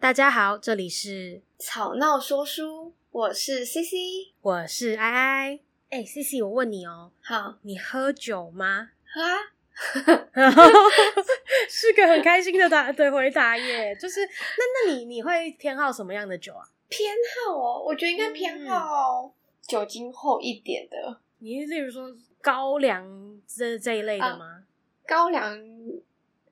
大家好，這裡是吵鬧說書，我是 C C，我是 AI。哎，C C，我問你哦，好，你喝酒嗎？喝啊， 是個很開心的答 對回答耶，就是那那你你會偏好什麼樣的酒啊？偏好哦，我覺得應該偏好酒精厚一點的，嗯。你是例如說高粱這這一類的嗎？哦、高粱。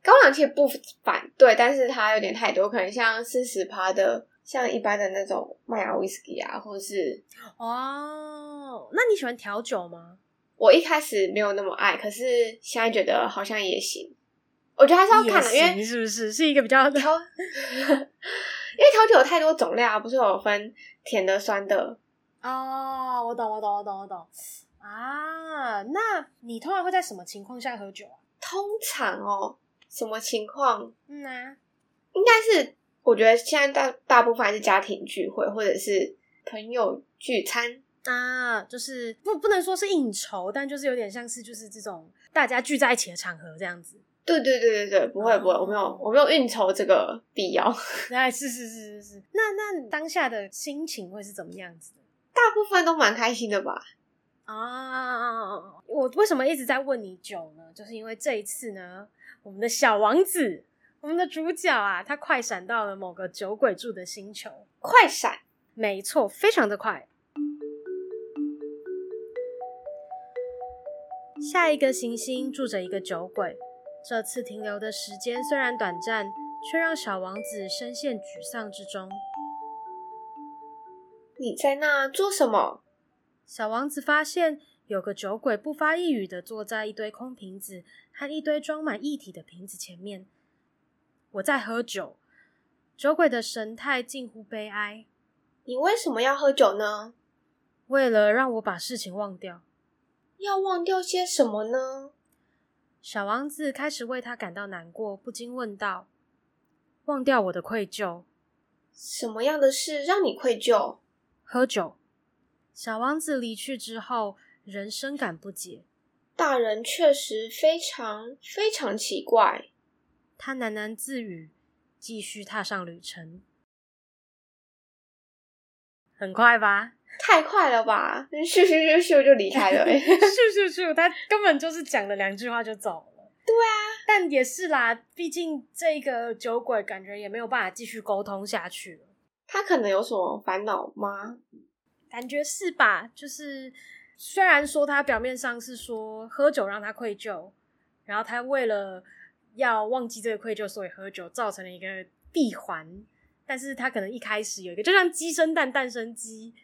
高粱其實不反對，但是它有點太多，可能像四十趴的，像一般的那種麥芽威士忌啊，或者是哦，oh, 那你喜歡調酒嗎？我一開始沒有那麼愛，可是現在覺得好像也行。我覺得還是要看的，因為是不是是一個比較調， 因為調酒有太多種類啊，不是有分甜的、酸的哦。Oh, 我懂，我懂，我懂，我懂啊！Ah, 那你通常會在什麼情況下喝酒啊？通常哦。什麼情況？嗯啊，應該是我覺得現在大大部分還是家庭聚會或者是朋友聚餐啊，就是不不能說是應酬，但就是有點像是就是這種大家聚在一起的場合這樣子。對對對對對，不會不會。哦、我沒有我沒有應酬這個必要。哎，是是是是是。那那當下的心情會是怎麼樣子的？大部分都蠻開心的吧。啊！我為什麼一直在問你酒呢？就是因為這一次呢，我們的小王子，我們的主角啊，他快閃到了某個酒鬼住的星球。快閃，沒錯，非常的快。下一個行星住着一個酒鬼。這次停留的時間雖然短暫，卻讓小王子深陷沮喪之中。你在那做什麼？小王子發現有個酒鬼不發一語的坐在一堆空瓶子和一堆裝滿液體的瓶子前面。我在喝酒。酒鬼的神態近乎悲哀。你為什麼要喝酒呢？為了讓我把事情忘掉。要忘掉些什麼呢？小王子開始為他感到難過，不禁問道：“忘掉我的愧疚。什麼樣的事讓你愧疚？喝酒。”小王子離去之後，仍深感不解。大人確實非常非常奇怪，他喃喃自語，繼續踏上旅程。很快吧？太快了吧？咻咻咻咻就離開了，欸。咻咻咻，他根本就是講了兩句話就走了。對啊，但也是啦，畢竟這個酒鬼感覺也沒有辦法繼續溝通下去了。他可能有什麼煩惱嗎？感覺是吧？就是雖然說他表面上是說喝酒讓他愧疚，然後他為了要忘記這個愧疚，所以喝酒，造成了一個閉環。但是他可能一開始有一個，就像雞生蛋，蛋生雞，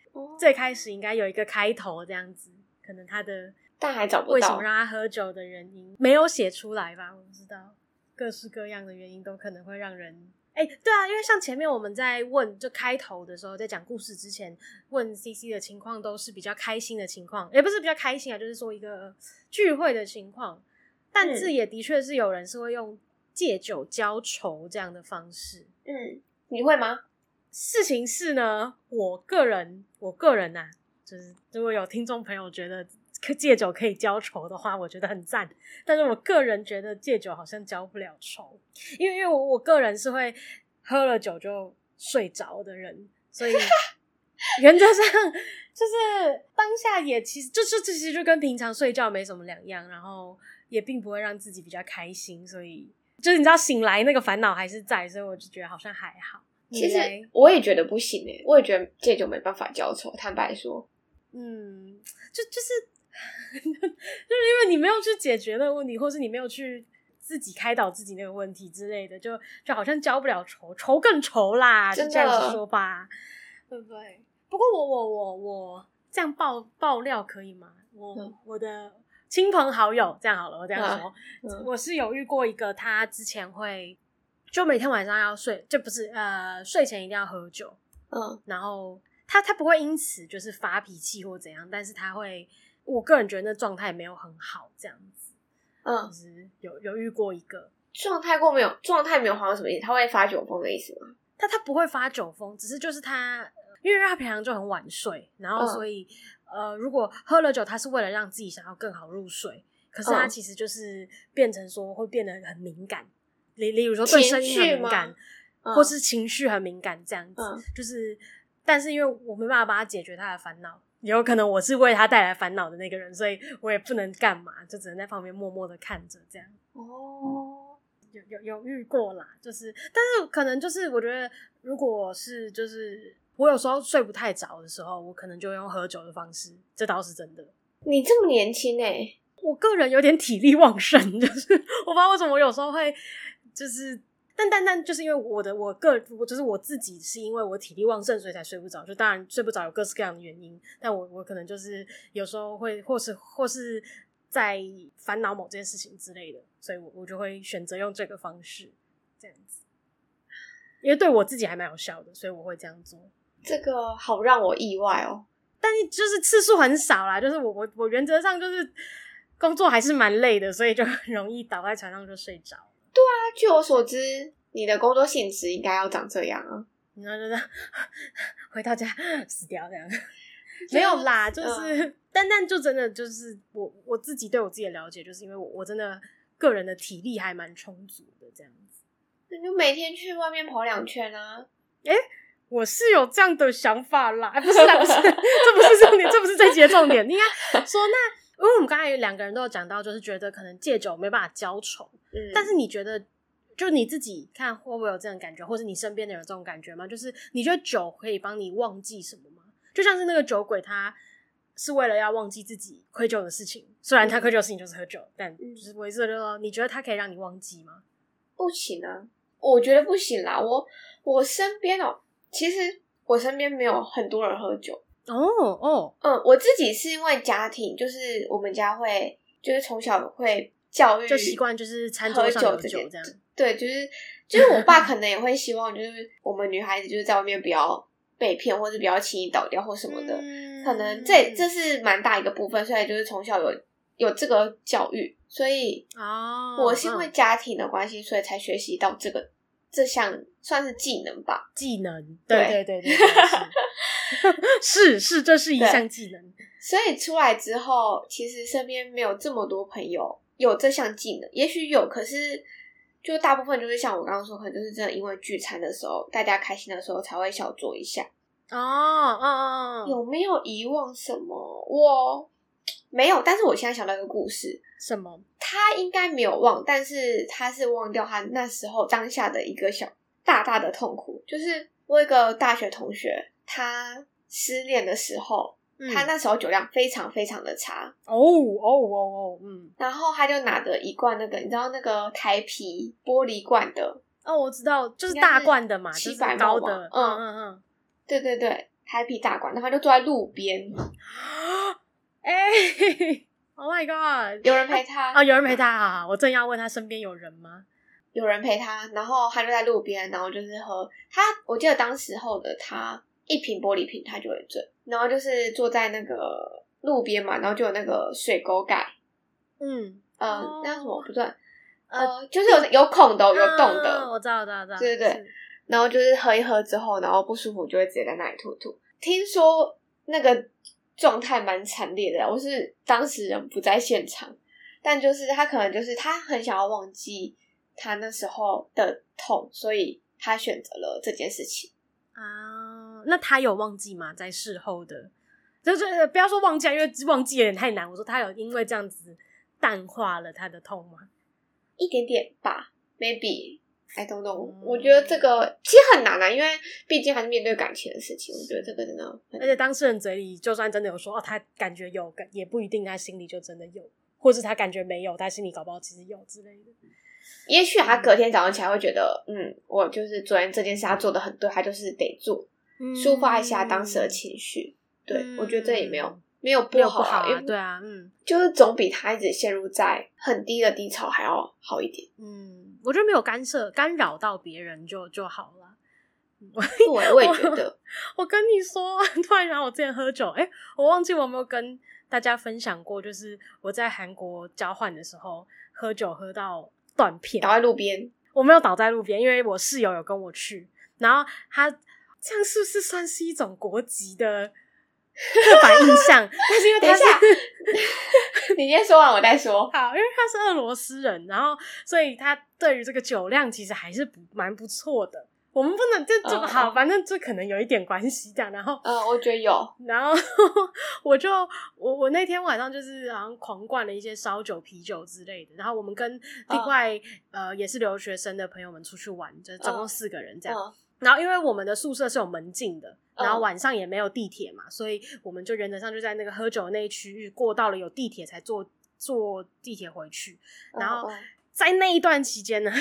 最開始應該有一個開頭這樣子。可能他的但還找不到為什麼讓他喝酒的原因，沒有寫出來吧？我不知道，各式各樣的原因都可能會讓人。哎，對啊，因為像前面我們在問，就開頭的時候在講故事之前問 CC 的情況，都是比較開心的情況，也不是比較開心啊，就是說一個聚會的情況，但是也的確是有人是會用借酒澆愁這樣的方式。嗯，你會嗎？事情是呢，我個人，我個人啊，就是如果有聽眾朋友覺得。借酒可以澆愁的話，我覺得很贊。但是我個人覺得借酒好像澆不了愁，因為因為我，我個人是會喝了酒就睡着的人，所以原則上就是當下也其實就是其實就跟平常睡覺沒什麼兩樣，然後也並不會讓自己比較開心，所以就是你知道醒來那個煩惱還是在，所以我就覺得好像還好。其實我也覺得不行誒、欸，我也覺得借酒沒辦法澆愁，坦白說，嗯，就就是。 就是因為你沒有去解決那個問題，或是你沒有去自己開導自己那個問題之類的，就就好像澆不了愁，愁更愁啦，就這樣子說吧，對不對？對？不過我我我我這樣爆爆料可以嗎？我、嗯、我的親朋好友這樣好了，我這樣說，嗯、我是有遇過一個，他之前會就每天晚上要睡，就不是呃睡前一定要喝酒，嗯，然後他他不會因此就是發脾氣或怎樣，但是他會。我個人覺得那狀態沒有很好，這樣子，嗯，其實有有遇過一個狀態過沒有狀態沒有好什麼意思？他會發酒瘋的意思嗎？他他不會發酒瘋，只是就是他，因為他平常就很晚睡，然後所以、嗯、呃，如果喝了酒，他是為了讓自己想要更好入睡，可是他其實就是變成說會變得很敏感，例例如說對聲音很敏感，嗯、或是情緒很敏感這樣子，嗯，就是，但是因為我沒辦法幫他解決他的煩惱。有可能我是為他帶來煩惱的那個人，所以我也不能幹嘛，就只能在旁邊默默的看着這樣。哦、oh.，有有有遇過啦，就是，但是可能就是我覺得，如果是就是我有時候睡不太着的時候，我可能就用喝酒的方式，這倒是真的。你這麼年輕哎、欸，我個人有點體力旺盛，就是我不知道為什麼我有時候會就是。但但但就是因為我的我個我就是我自己是因為我體力旺盛，所以才睡不着，就當然睡不着有各式各樣的原因，但我我可能就是有時候會或是或是在煩惱某件事情之類的，所以我我就會選擇用這個方式這樣子，因為對我自己還蠻有效的，所以我會這樣做。這個好讓我意外哦，但是就是次數很少啦，就是我我我原則上就是工作還是蠻累的，所以就很容易倒在床上就睡着。據我所知，你的工作性質應該要長這樣啊！你看，回到家死掉這樣，沒有啦，就、就是但蛋，單單就真的就是我我自己對我自己的了解，就是因為我我真的個人的體力還蠻充足的這樣子。你就每天去外面跑兩圈啊？誒、欸，我是有這樣的想法啦，欸、不是啦，不是啦， 這不是重點，這不是這一集的重點。你看，說、嗯，那因為我們剛才有兩個人都有講到，就是覺得可能戒酒沒辦法澆愁，嗯，但是你覺得？就你自己看會不會有這種感覺，或者你身邊的有這種感覺嗎？就是你覺得酒可以幫你忘記什麼嗎？就像是那個酒鬼，他是為了要忘記自己愧疚的事情，雖然他愧疚的事情就是喝酒，但就是不會說，你覺得他可以讓你忘記嗎？不行啊，我覺得不行啦。我我身邊哦，其實我身邊沒有很多人喝酒。哦哦，嗯，我自己是因為家庭，就是我們家會，就是從小會。教育就習慣，就是餐桌上有酒，喝酒的，這些，這樣，對，就是就是我爸可能也會希望，就是我們女孩子就是在外面不要被騙，或者比較輕易倒掉或什麼的，嗯、可能這、嗯、這是蠻大一個部分。所以就是從小有有這個教育，所以哦，我是因為家庭的關係，所以才學習到這個、哦、這項算是技能吧，技能，對對對對，對， 是是，這是一項技能。所以出來之後，其實身邊沒有這麼多朋友。有這項技能，也許有，可是就大部分就是像我剛剛說，可能就是真的，因為聚餐的時候，大家開心的時候才會小酌一下啊。嗯、啊、嗯、啊。有沒有遺忘什麼？我沒有，但是我現在想到一個故事。什麼？他應該沒有忘，但是他是忘掉他那時候當下的一個小大大的痛苦，就是我一個大學同學，他失戀的時候。嗯、他那時候酒量非常非常的差哦哦哦哦，嗯。然後他就拿着一罐那個，你知道那個台啤玻璃罐的哦？我知道，就是大罐的嘛，七百、就是、高的，嗯嗯嗯，對對對，台啤大罐。然後他就坐在路邊，哎，Oh my God，有人陪他啊、嗯嗯嗯嗯？有人陪他啊、嗯哦？我正要問他身邊有人嗎？有人陪他，然後他就在路邊，然後就是喝他。我記得當時候的他。一瓶玻璃瓶，它就會醉。然後就是坐在那個路邊嘛，然後就有那個水溝蓋，嗯嗯，那什麼？不轉，呃，就是有、哦、有孔的，有洞的。我知道，我知道，我知道，對對對。然後就是喝一喝之後，然後不舒服就會直接在那裡吐吐。聽說那個狀態蠻慘烈的，我是當時人不在現場，但就是他可能就是他很想要忘記他那時候的痛，所以他選擇了這件事情啊。那他有忘記嗎？在事後的，就是不要說忘記，因為忘記有點太難。我說他有因為這樣子淡化了他的痛嗎？一點點吧，maybe I don't know、嗯。我覺得這個其實很難啊，因為畢竟還是面對感情的事情。我覺得這個真的，而且當事人嘴裡就算真的有說哦，他感覺有，也不一定他心裡就真的有，或是他感覺沒有，他心裡搞不好其實有之類的。也許他隔天早上起來會覺得，嗯，嗯我就是昨天這件事他做的很對，他就是得做。抒發一下當時的情緒、嗯、對、嗯、我覺得這也沒有沒有不好，有不好啊、因為對啊，嗯，就是總比他一直陷入在很低的低潮還要好一點。嗯，我覺得沒有干涉干擾到別人就就好了。對，我也覺得我。我跟你說，突然想我之前喝酒，誒、欸、我忘記我有沒有跟大家分享過，就是我在韓國交換的時候喝酒喝到斷片，倒在路邊。我沒有倒在路邊，因為我室友有跟我去，然後他。這樣是不是算是一種國籍的刻板印象？ 但是因為他是，等一下 你先說完我再說。好，因為他是俄羅斯人，然後所以他對於這個酒量其實還是不蠻不錯的。我們不能這怎麼好，嗯、反正這可能有一點關係這樣。然後，嗯，我覺得有。然後 我就我我那天晚上就是好像狂灌了一些燒酒、啤酒之類的。然後我們跟另外、嗯、呃也是留學生的朋友們出去玩，就是、總共四個人這樣。嗯嗯然後，因為我們的宿舍是有門禁的，然後晚上也沒有地鐵嘛，oh. 所以我們就原則上就在那個喝酒那一區域過到了有地鐵才坐坐地鐵回去。然後在那一段期間呢，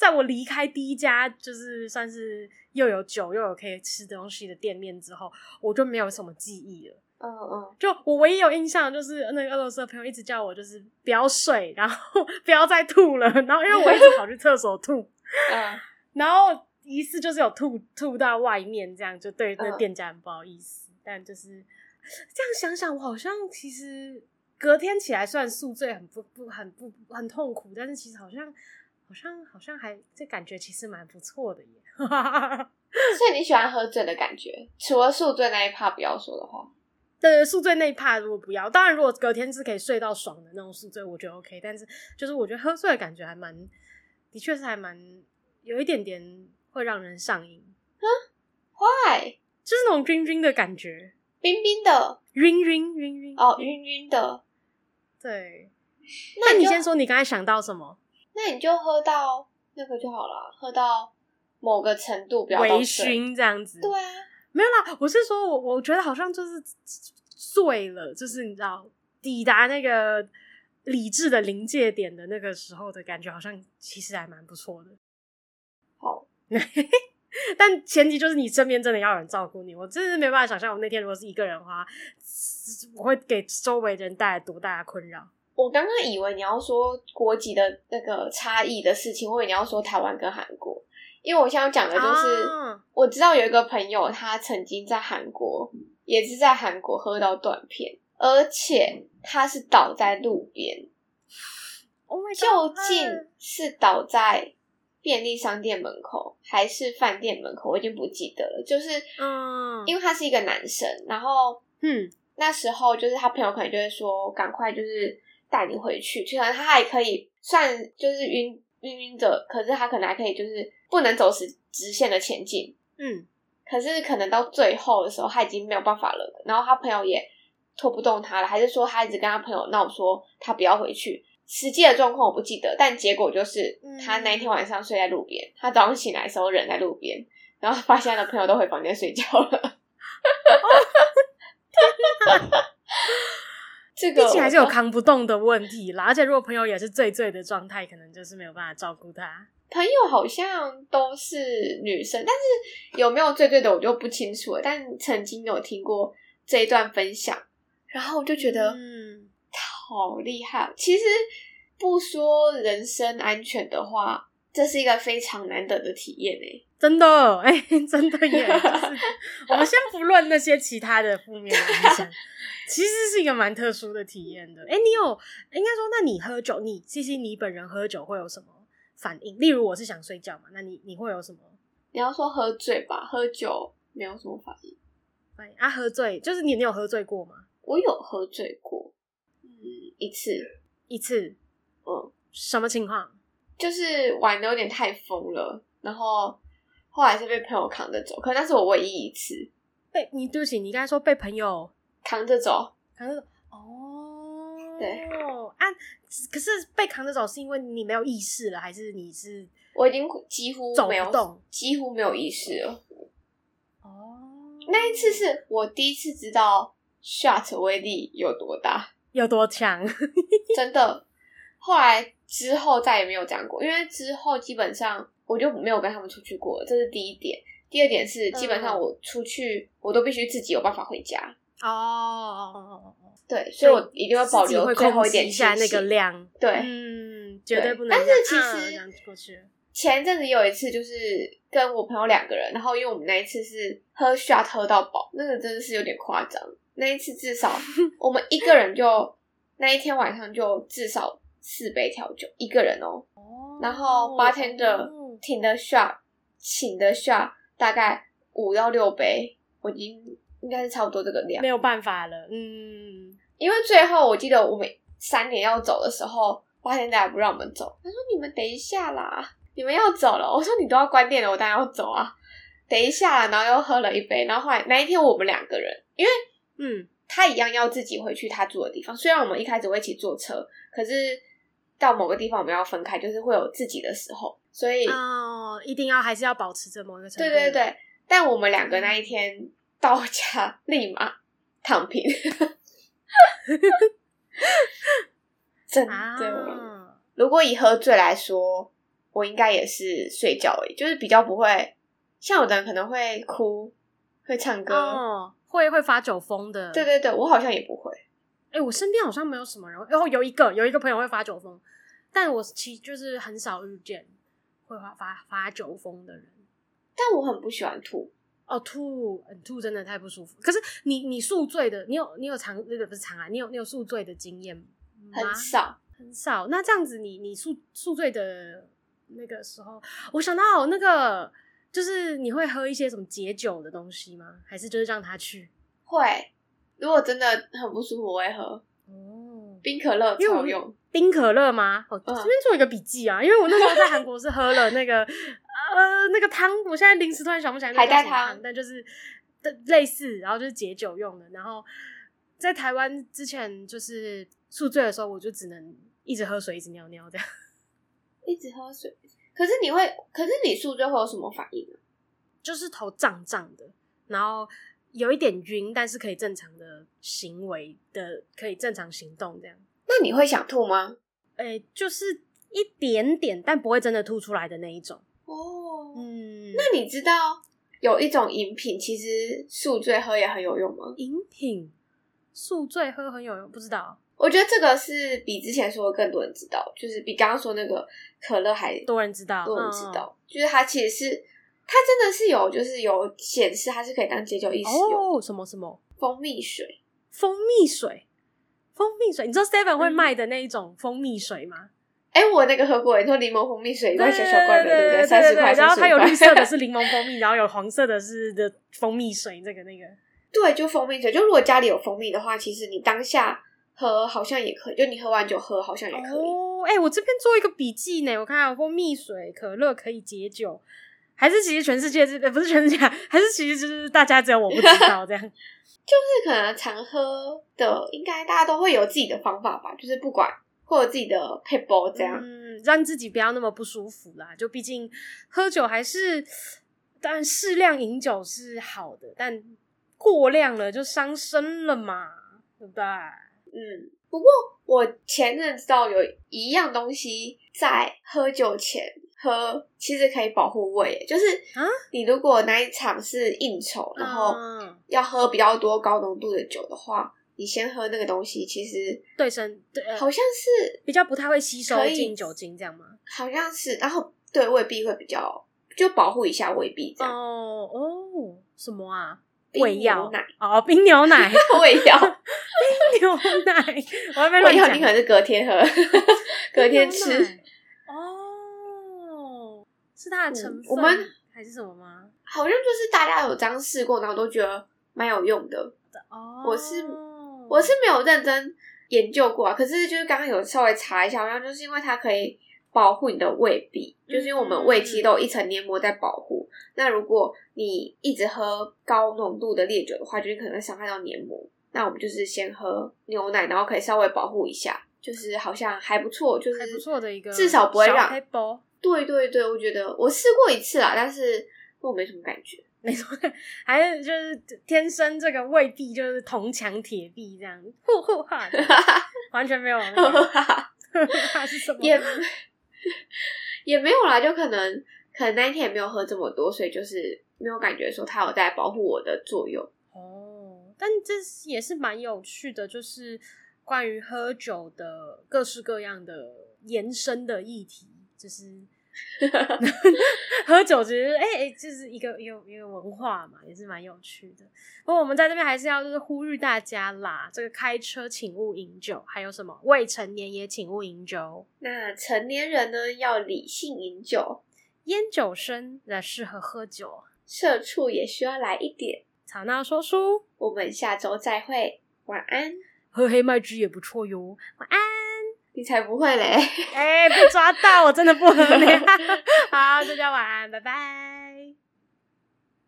在我離開第一家就是算是又有酒又有可以吃東西的店面之後，我就沒有什麼記憶了。嗯嗯，就我唯一有印象就是那個俄羅斯的朋友一直叫我就是不要睡，然後不要再吐了，然後因為我一直跑去廁所吐。嗯、 oh.，然後。疑似就是有吐吐到外面，這樣就對那店家很不好意思。Uh. 但就是這樣想想，我好像其實隔天起來算宿醉很，很不不很不很痛苦。但是其實好像好像好像還這感覺其實蠻不錯的耶。 所以你喜歡喝醉的感覺，除了宿醉那一趴不要說的話。對，宿醉那一趴如果不要，當然如果隔天是可以睡到爽的那種宿醉，我覺得 OK。但是就是我覺得喝醉的感覺還蠻，的確是還蠻有一點點。會讓人上癮，哼、嗯，壞，就是那種暈暈的感覺，冰冰的，暈暈暈暈，哦、oh，暈暈的，對。那你，你先說你剛才想到什麼？那你就喝到那個就好了，喝到某個程度，不要微醺這樣子。對啊，沒有啦，我是說我我覺得好像就是醉了，就是你知道抵達那個理智的臨界點的那個時候的感覺，好像其實還蠻不錯的。嘿 嘿，但前提就是你身邊真的要有人照顧你，我真是沒辦法想象我那天如果是一個人的話，我會給周圍人帶來多大的困擾。我剛剛以為你要說國籍的那個差異的事情，或者你要說臺灣跟韓國，因為我想要講的就是，ah. 我知道有一個朋友他曾經在韓國，也是在韓國喝到斷片，而且他是倒在路邊，oh my God，究竟是倒在。便利商店門口還是飯店門口，我已經不記得了。就是，因為他是一個男生，然後，嗯，那時候就是他朋友可能就會說，趕快就是帶你回去。雖然他還可以算就是暈暈暈的，可是他可能還可以就是不能走直直線的前進。嗯，可是可能到最後的時候他已經沒有辦法了，然後他朋友也拖不動他了，還是說他一直跟他朋友鬧，說他不要回去。實際的狀況我不記得，但結果就是他那一天晚上睡在路邊，嗯，他早上醒來的時候人在路邊，然後發現他的朋友都回房間睡覺了。哦，天哪，啊！ 這個畢竟還是有扛不動的問題啦，而且如果朋友也是醉醉的狀態，可能就是沒有辦法照顧他。朋友好像都是女生，但是有沒有醉醉的我就不清楚了。但曾經有聽過這一段分享，然後我就覺得，嗯。好厲害！其實不說人身安全的話，這是一個非常難得的體驗。哎、欸，真的哎、欸，真的耶！ 就是、我們先不論那些其他的負面影響， 其實是一個蠻特殊的體驗的。哎、欸，你有、欸、應該說，那你喝酒，你其實你本人喝酒會有什麼反應？例如，我是想睡覺嘛，那你你會有什麼？你要說喝醉吧，喝酒沒有什麼反應。哎啊，喝醉就是你，你有喝醉過嗎？我有喝醉過。一次一次。嗯，什麼情況？就是玩的有點太瘋了，然後後來是被朋友扛着走，可那是我唯一一次被。你對不起，你剛才說被朋友扛着走，扛着走哦，對啊。可是被扛着走是因為你沒有意識了，還是你是我已經幾乎沒有走不動，幾乎沒有意識了？哦，那一次是我第一次知道 shot 威力有多大。有多強？ 真的，後來之後再也沒有這樣過，因為之後基本上我就沒有跟他們出去過，這是第一點。第二點是，基本上我出去、嗯、我都必須自己有辦法回家哦。對，所以，我一定要保留最後一點清醒，下那個量。對，嗯、絕對不能對。但是其實前陣子有一次，就是跟我朋友兩個人、嗯，然後因為我們那一次是喝 shot 喝到飽，那個真的是有點誇張。那一次至少 我們一個人就那一天晚上就至少四杯調酒一個人哦，哦然後八天的停的下，哦、請的下大概五到六杯，我已經應該是差不多這個量，沒有辦法了，嗯，因為最後我記得我們三點要走的時候，八天再也不讓我們走，他說你們等一下啦，你們要走了，我說你都要關店了，我當然要走啊，等一下，然後又喝了一杯，然後後來那一天我們兩個人因為。嗯，他一樣要自己回去他住的地方。雖然我們一開始會一起坐車，可是到某個地方我們要分開，就是會有自己的時候，所以、哦、一定要還是要保持着某一個程度。對對對，但我們兩個那一天到家立馬躺平，嗯、 真的、哦。如果以喝醉來說，我應該也是睡覺而已，就是比較不會像有的人可能會哭、會唱歌。哦會會發酒瘋的，對對對，我好像也不會。哎、欸，我身邊好像沒有什麼人，然後，有一個有一個朋友會發酒瘋，但我其實就是很少遇見會發發發酒瘋的人。但我很不喜歡吐哦，吐吐真的太不舒服。可是你你宿醉的，你有你有長那個不是長啊，你有你有宿醉的經驗嗎？很少很少。那這樣子你，你你宿宿醉的那個時候，我想到那個。就是你會喝一些什麼解酒的東西嗎？還是就是讓他去？會，如果真的很不舒服，我會喝。哦，冰可樂用，因為我冰可樂嗎？哦哦，這邊做一個筆記啊，因為我那時候在韓國是喝了那個 呃那個湯，我現在臨時突然想不起來那個海帶湯，但就是的類似，然後就是解酒用的。然後在台灣之前就是宿醉的時候，我就只能一直喝水，一直尿尿這樣一直喝水。可是你會，可是你宿醉後有什麼反應，就是頭脹脹的，然後有一點暈，但是可以正常的行為的，可以正常行動這樣。那你會想吐嗎？誒，就是一點點，但不會真的吐出來的那一種。哦、oh,，嗯。那你知道有一種飲品其實宿醉喝也很有用嗎？飲品宿醉喝很有用，不知道。我覺得這個是比之前說的更多人知道，就是比剛剛說那個可樂還多人知道，多人知道哦哦。就是它其實是，它真的是有，就是有顯示它是可以當解酒液使用哦，什麼什麼蜂蜜水？蜂蜜水？蜂蜜水？你知道 Seven 會賣的那一種蜂蜜水嗎？誒、嗯欸，我那個喝過，誒說檸檬蜂蜜水，對，小小怪的對對對對，對對對，三十塊。然後它有綠色的是檸檬蜂蜜， 然後有黃色的是的蜂蜜水，那、這個那個。對，就蜂蜜水。就如果家裡有蜂蜜的話，其實你當下。喝好像也可以，就你喝完酒喝好像也可以。哦，哎，我這邊做一個筆記呢，我看有蜂蜜水、可樂可以解酒，還是其實全世界是、欸？不是全世界？還是其實就是大家只有我不知道這樣。 就是可能常喝的，應該大家都會有自己的方法吧。就是不管，或者自己的撇步這樣，嗯，讓自己不要那麼不舒服啦。就畢竟喝酒還是，當然適量飲酒是好的，但過量了就傷身了嘛，對不對？嗯，不過我前陣子，知道有一樣東西在喝酒前喝，其實可以保護胃。就是啊，你如果那一場是應酬，然後要喝比較多高濃度的酒的話，你先喝那個東西，其實對身對好像是比較不太會吸收進酒精這樣嗎？好像是，然後對胃壁會比較就保護一下胃壁這樣。哦哦，什麼啊？冰牛奶胃藥？哦，冰牛奶胃藥。 牛奶，我以後有可能是隔天喝， 隔天吃。哦，是它的成分，我，我們還是什麼嗎？好像就是大家有這樣試過，然後都覺得蠻有用的。哦，我是我是沒有認真研究過啊。可是就是剛剛有稍微查一下，好像就是因為它可以保護你的胃壁，就是因為我們胃壁都有一層黏膜在保護、嗯。那如果你一直喝高濃度的烈酒的話，就是可能會傷害到黏膜。那我們就是先喝牛奶，然後可以稍微保護一下，就是好像還不錯，就是還不錯的一個，至少不會讓開包。對對對，我覺得我試過一次啦，但是我沒什麼感覺，沒什麼，還是就是天生這個胃壁，就是銅牆鐵壁這樣，呼呼哈，完全沒有、那個，哈 哈， 是什麼也也沒有啦，就可能可能那天也沒有喝這麼多，所以就是沒有感覺說它有在保護我的作用。但這也是蠻有趣的，就是關於喝酒的各式各樣的延伸的議題，就是 喝酒其實，哎哎，就是一個一個一個文化嘛，也是蠻有趣的。不過我們在這邊還是要就是呼籲大家啦，這個開車請勿飲酒，還有什麼未成年也請勿飲酒。那成年人呢，要理性飲酒，菸酒生才適合喝酒，社畜也需要來一點。吵鬧說書，我們下周再會，晚安。喝黑麥汁也不錯喲，晚安。你才不會嘞，哎、欸，被抓到， 我真的不喝，啊。好，大家晚安，拜拜。